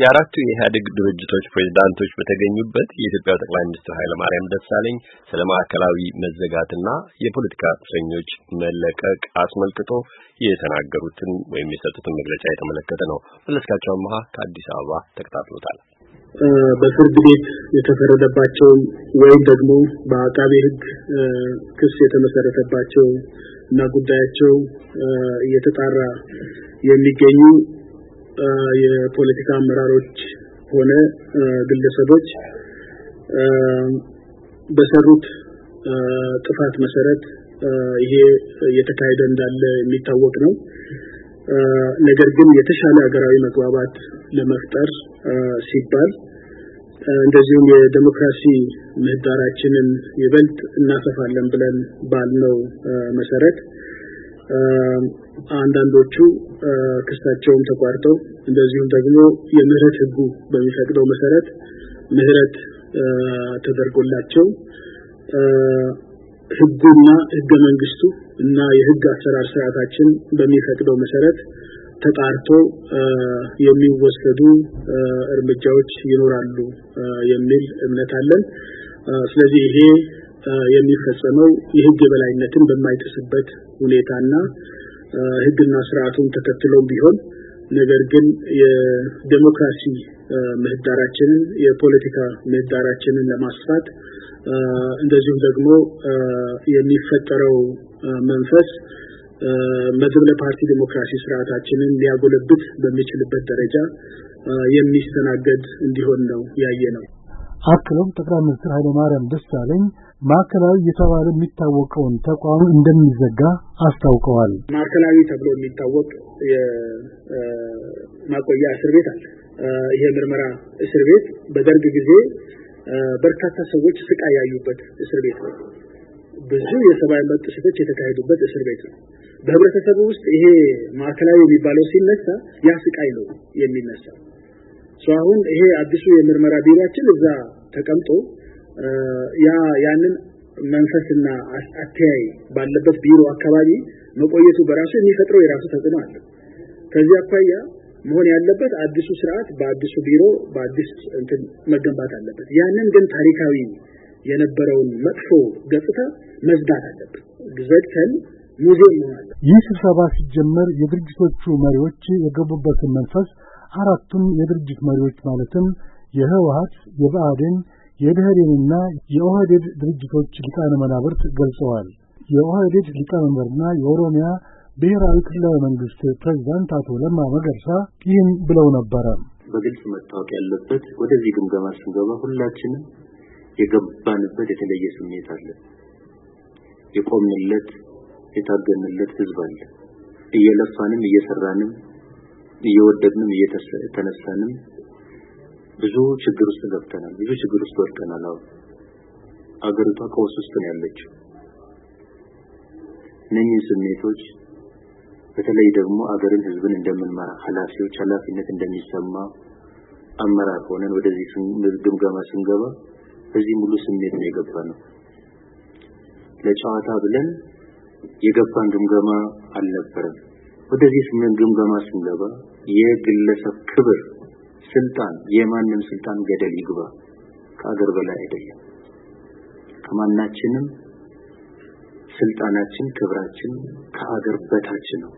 የአራቱ የኢህአዴግ ድርጅቶች ፕሬዝዳንቶች በተገኙበት የኢትዮጵያ ጠቅላይ ሚኒስትር ኃይለማርያም ደሳለኝ ስለ ማዕከላዊ መዘጋትና የፖለቲካ እስረኞች መለቀቅ አስመልክቶ የተናገሩትን ወይም የሰጡትን መግለጫ የተመለከተ ነው። መለስካቸው አመሃ ከአዲስ አበባ ተከታትሎታል። በፍርድ ቤት የተፈረደባቸውን ወይም ደግሞ በአቃቤ ሕግ ክስ የተመሰረተባቸው እና ጉዳያቸው እየተጣራ የሚገኙ የፖለቲካ አመራሮች ሆነ ግለሰቦች በሰሩት ጥፋት መሰረት ይሄ እየተካሄደ እንዳለ የሚታወቅ ነው። ነገር ግን የተሻለ ሀገራዊ መግባባት ለመፍጠር ሲባል እንደዚሁም የዴሞክራሲ ምህዳራችንን ይበልጥ እናሰፋለን ብለን ባልነው መሰረት አንዳንዶቹ ክስታቸውም ተቋርጠው እንደዚሁም ደግሞ የምህረት ህጉ በሚፈቅደው መሰረት ምህረት ተደርጎላቸው ህጉና ህገ መንግስቱ እና የህግ አሰራር ስርዓታችን በሚፈቅደው መሰረት ተጣርቶ የሚወሰዱ እርምጃዎች ይኖራሉ የሚል እምነት አለን። ስለዚህ ይሄ የሚፈጸመው የህግ የበላይነትን በማይጥስበት ሁኔታና ህግና ስርዓቱን ተከትለው ቢሆን ነገር ግን የዴሞክራሲ ምህዳራችንን የፖለቲካ ምህዳራችንን ለማስፋት እንደዚሁም ደግሞ የሚፈጠረው መንፈስ መድብለ ፓርቲ ዲሞክራሲ ስርዓታችንን ሊያጎለብት በሚችልበት ደረጃ የሚስተናገድ እንዲሆን ነው ያየ ነው። አክሎም ጠቅላይ ሚኒስትር ማርያም ደሳለኝ ማዕከላዊ እየተባለ የሚታወቀውን ተቋም እንደሚዘጋ አስታውቀዋል። ማዕከላዊ ተብሎ የሚታወቅ የማቆያ እስር ቤት አለ። ይሄ ምርመራ እስር ቤት በደርግ ጊዜ በርካታ ሰዎች ስቃይ ያዩበት እስር ቤት ነው። ብዙ የሰብአዊ መብት ጥሰቶች የተካሄዱበት እስር ቤት ነው። በህብረተሰቡ ውስጥ ይሄ ማዕከላዊ የሚባለው ሲነሳ ያ ስቃይ ነው የሚነሳው። አሁን ይሄ አዲሱ የምርመራ ቢሮችን እዛ ተቀምጦ ያ ያንን መንፈስና አተያይ ባለበት ቢሮ አካባቢ መቆየቱ በራሱ የሚፈጥረው የራሱ ተጽዕኖ አለ። ከዚህ አኳያ መሆን ያለበት አዲሱ ስርዓት በአዲሱ ቢሮ በአዲስ እንትን መገንባት አለበት። ያንን ግን ታሪካዊ የነበረውን መጥፎ ገጽታ መዝጋት አለብን። ዘግተን ይህ ስብሰባ ሲጀመር የድርጅቶቹ መሪዎች የገቡበትን መንፈስ አራቱም የድርጅት መሪዎች ማለትም የህወሀት፣ የብአዴን፣ የብሔዴንና የኦህዴድ ድርጅቶች ሊቃነ መናብርት ገልጸዋል። የኦህዴድ ሊቀመንበርና የኦሮሚያ ብሔራዊ ክልላዊ መንግስት ፕሬዚዳንት አቶ ለማ መገርሳ ይህን ብለው ነበረ። በግልጽ መታወቅ ያለበት ወደዚህ ግምገማ ስንገባ ሁላችንም የገባንበት የተለየ ስሜት አለ። የቆምንለት የታገንለት ህዝብ አለ። እየለፋንም እየሰራንም እየወደድንም እየተነሳንም ብዙ ችግር ውስጥ ገብተናል። ብዙ ችግር ውስጥ ወድቀናል። አሁን አገሪቷ ቀውስ ውስጥ ነው ያለችው። እነኚህ ስሜቶች በተለይ ደግሞ አገርን ህዝብን እንደምንመራ ኃላፊዎች ኃላፊነት እንደሚሰማ አመራር ሆነን ወደዚህ ግምገማ ስንገባ በዚህ ሙሉ ስሜት ነው የገባ ነው ለጨዋታ ብለን የገባን ግምገማ አልነበረም። ወደዚህ ስምን ግምገማ ስንገባ የግለሰብ ክብር፣ ስልጣን፣ የማንም ስልጣን ገደል ይግባ ከአገር በላይ አይደለም። ከማናችንም ስልጣናችን፣ ክብራችን ከአገር በታች ነው።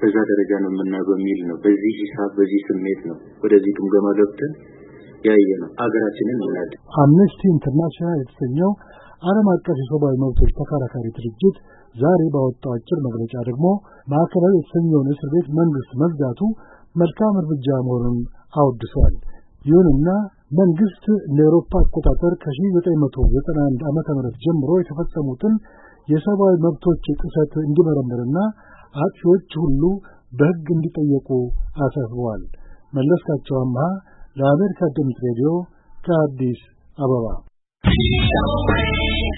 በዛ ደረጃ ነው የምናየው በሚል ነው። በዚህ ሂሳብ፣ በዚህ ስሜት ነው ወደዚህ ግምገማ ገብተን ያየ ነው አገራችንን ምናድ አምነስቲ ኢንተርናሽናል የተሰኘው ዓለም አቀፍ የሰብአዊ መብቶች ተከራካሪ ድርጅት ዛሬ ባወጣው አጭር መግለጫ ደግሞ ማዕከላዊ የተሰኘውን እስር ቤት መንግሥት መዝጋቱ መልካም እርምጃ መሆኑን አወድሷል። ይሁንና መንግሥት እንደ አቆጣጠር ከ1991 ዓ ም ጀምሮ የተፈጸሙትን የሰብአዊ መብቶች ጥሰት እንዲመረምርና አጥፊዎች ሁሉ በሕግ እንዲጠየቁ አሳስበዋል። መለስካቸው አምሃ ለአሜሪካ ድምፅ ሬዲዮ ከአዲስ አበባ